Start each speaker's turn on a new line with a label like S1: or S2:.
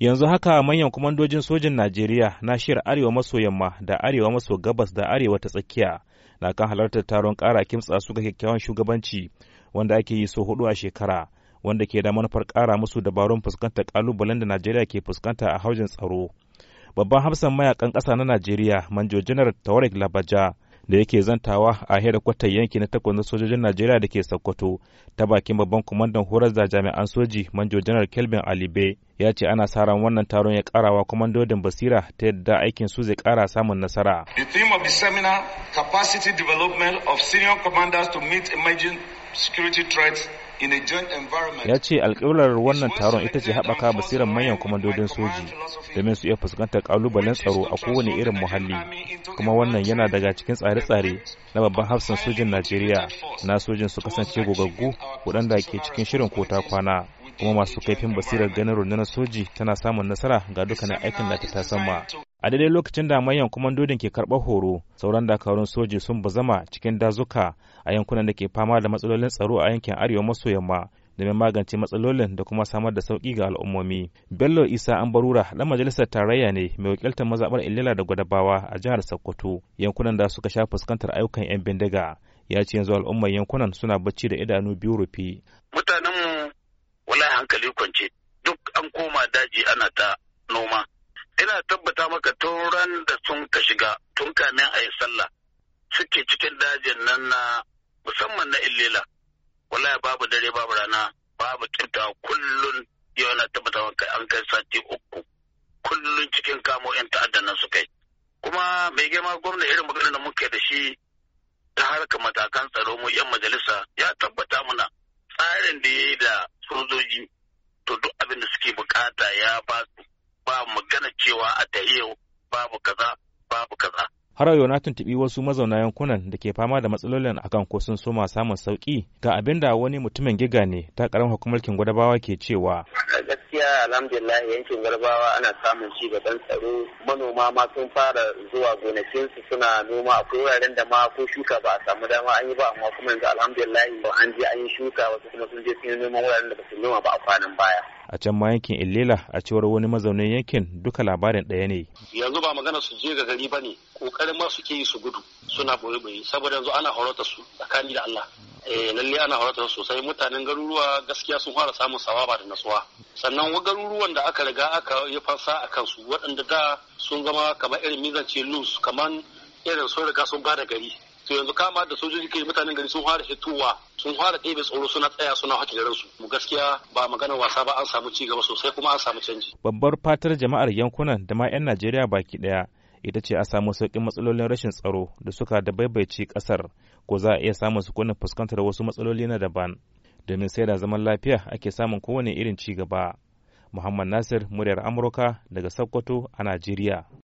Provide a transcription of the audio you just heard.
S1: yanzu haka manyan kwamandojin sojin najeriya na shiyar arewa maso yamma da arewa maso gabas da arewa ta tsakiya na kan halartar taron kara kimtsa su ga kyakkyawan shugabanci wanda ake yi so hudu a shekara wanda ke da manufar kara musu dabarun fuskantar kalubalen da najeriya ke fuskanta a haujin tsaro babban hafsan mayakan ƙasa na najeriya manjo janar tawarik labaja da yake zantawa a hedikwatar yanki na takwas na sojojin najeriya da ke sokoto ta bakin babban kwamandan horar da jami'an soji manjo janar kelvin alibe ya ce ana sa ran wannan taron ya kara wa kwamandodin basira ta yadda aikin su zai kara samun nasara. The
S2: theme of the seminar capacity development of senior commanders to meet emerging security threats ya
S1: ce alƙiblar wannan taron ita ce haɓaka basirar manyan kwamandodin soji domin su iya fuskantar ƙalubalen tsaro a kowane irin muhalli kuma wannan yana daga cikin tsare-tsare na babban hafsan sojin najeriya na sojin su kasance gogaggu waɗanda ke cikin shirin kota kwana kuma masu kaifin basirar ganin rundunar soji tana samun nasara ga dukkanin aikin da ta sama a daidai lokacin da manyan kwamandodin ke karɓar horo sauran dakarun soji sun zama cikin dazuka a yankunan da ke fama da matsalolin tsaro a yankin arewa maso yamma domin magance matsalolin da kuma samar da sauƙi ga al'ummomi. Bello Isa Ambarura ɗan majalisar tarayya ne mai wakiltar mazaɓar Ilila da Gwadabawa a jihar Sokoto, yankunan da suka sha fuskantar ayyukan 'yan bindiga. Ya ce yanzu al'ummar yankunan suna bacci da idanu biyu rufe.
S3: Mutanen hankali kwance duk an koma daji ana ta noma ina tabbata maka tun ran da sun ka shiga tun kamin a yi sallah suke cikin dajin nan na musamman na illela wallahi babu dare babu rana babu kinta kullum yau na tabbata maka an kai sati uku kullun cikin kamo yan ta'adda nan su kai kuma mai girma gwamna irin maganar da muke da shi ta harka matakan tsaro mu yan majalisa ya tabbata muna tsarin da ya yi da sojoji bukata
S1: ya ba su ba magana cewa a ta yau babu kaza babu kaza. Har yau na tuntuɓi wasu mazauna yankunan da ke fama da matsalolin akan ko sun soma samun sauki ga abin da wani mutumin giga ne ta ƙaramin hukumar gwadabawa ke cewa.
S3: gaskiya alhamdulillah yankin garbawa ana samun ci gaban tsaro manoma ma sun fara zuwa gonakinsu suna noma akwai wuraren da ma ko shuka ba a samu dama an yi ba amma kuma yanzu alhamdulillah an je an yi shuka wasu kuma sun je sun yi noman wuraren da ba su noma ba a kwanan baya
S1: a can ma yankin illela a cewar wani mazaunin yankin duka labarin ɗaya ne
S2: yanzu ba magana su je ga gari ba ne kokarin ma suke yi su gudu suna boye boye saboda yanzu ana horata su tsakani da Allah eh lalle ana horata su sosai mutanen garuruwa gaskiya sun fara samun sawaba da nasuwa sannan garuruwan da aka riga aka yi fansa a kansu waɗanda da sun zama kamar irin mizance loose kamar irin sun riga sun ba da gari to yanzu kama da sojoji ke mutanen gari sun fara hituwa sun fara ɗebe tsoro suna tsaya suna haƙi da ransu mu gaskiya ba magana wasa ba an samu ci gaba sosai kuma an samu canji
S1: babbar fatar jama'ar yankunan da ma 'yan Najeriya baki ɗaya ita ce a samu sauƙin matsalolin rashin tsaro da suka da baibaici ƙasar ko za a iya samun sukunin fuskantar wasu matsaloli na daban domin sai da zaman lafiya ake samun kowane irin ci gaba. Muhammad Nasir, muryar Amurka daga Sokoto a Najeriya.